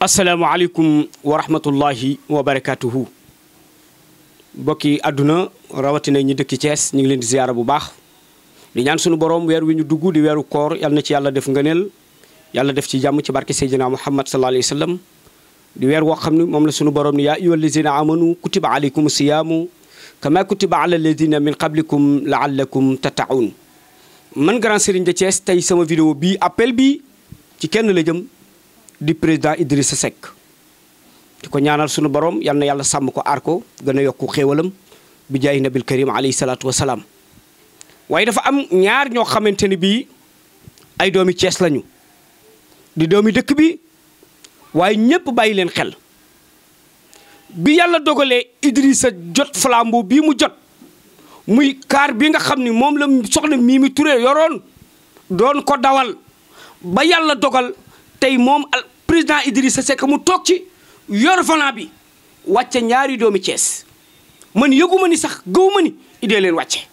asalaamaaleykum wa rahmatullahi wa barakaatuhu bokki àdduna rawatina ñi dëkki Thiès ñu ngi leen di ziyaara bu baax di ñaan sunu boroom weer wi ñu dugg di weeru koor yal na ci yàlla def ngëneel yàlla def ci jàmm ci barke Seydina Muhammad sallallahu alayhi wa sallam di weer woo xam ne moom la sunu borom ni yaa ayyuha allazina amanu kutiba aleykum siyaamu kama kutiba ala alladina min qablikum laallakum tataun man grand serigne de Thiès tey sama vidéo bii di président Idrissa Seck di ko ñaanal sunu boroom yal na yàlla sàmm ko arko gën a yokku xéewalam bi jaay nabil karim alayhi salaatu salaam waaye dafa am ñaar ñoo xamante ni bii ay doomi Cees lañu di doomi dëkk bi waaye ñëpp bàyyi leen xel bi yàlla dogalee Idrissa jot flambeau bii mu jot muy kaar bi nga xam ni moom la soxna mi ture yoroon doon ko dawal ba yàlla dogal tay mom al président Idrissa sek mu tok ci yor volant bi wacce ñaari domi Cees man yeguma ni sax gawuma ni ide len wacce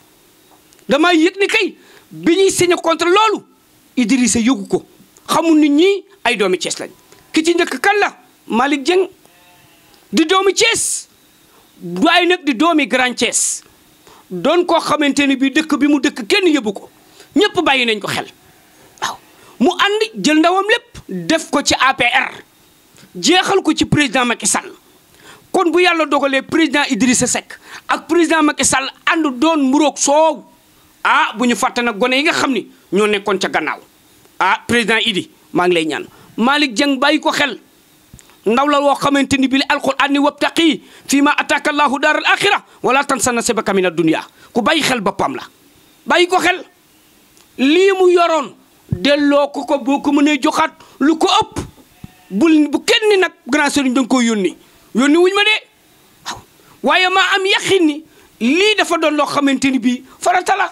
dama yëg ni kay bi signé contre lolu Idrissa yëgu ko xamul nit ñi ay domi Cees lañ ki ci njëkk kan la malik jeng di domi Cees waaye nak di domi Grand Cees don ko xamanteni ni dekk bi mu dekk kenn yebuko ñepp ñëpp ko xel mu ànd jël ndawam lepp def ko ci APR jéxal ko ci président Macky Sall kon bu yalla dogalé président Idrissa Seck ak président Macky Sall and doon murok soow ah buñu faté nak goné yi nga xamni ño ñoo ci gannaaw ah président Idi ma ngi lay ñaan Malik Dieng bàyyi ko xel ndaw la woo xamanteni bi alquran ni wabtaqi fii ma ataaka allahu daaral wala tansa nasibaka ad dunya ku bàyyi xel bopam la xel li mu yoron delloo ko ko boo ko mënee joxaat lu ko ëpp bul bu kenn ni nag grand sëriñ da nga koy yónni yónni wuñ ma de waaw waaye maa am yaqin ni lii dafa doon loo xamante ni bii faratala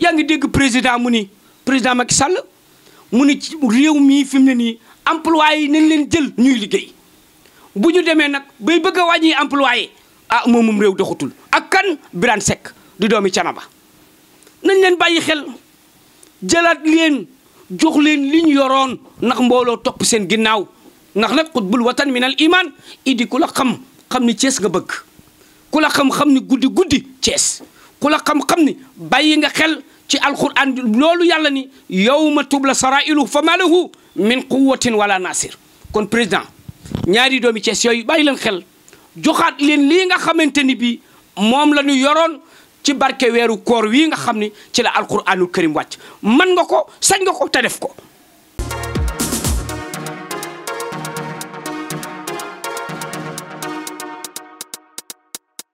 yaa ngi dégg président mu ni président Macky Sall mu ni réew mii fi mu ne nii employé yi nañ leen jël ñuy liggéey bu ñu demee nag bay bëgg a wàññi employé ah moomum réew doxatul ak kan Birane Seck di doomi canama nañ leen bàyyi xel jëlaat leen jox leen liñ yoroon ndax mbooloo topp seen ginnaaw ndax nag xutbul watan min al iman idi ku xam xam ni Cees nga bëgg ku la xam xam ni guddi guddi Cees ku la xam xam ni bàyyi nga xel ci alquran loolu yàlla ni yawma tubla sarailu fa ma lahu min quwatin wala nasir kon président ñaari doomi Cees yooyu bàyyi leen xel joxaat leen li nga xamante ni bii moom la ñu yoroon ci barke weeru koor wii nga xam ni ci la alquranul karim wàcc man nga ko sañ nga ko te def ko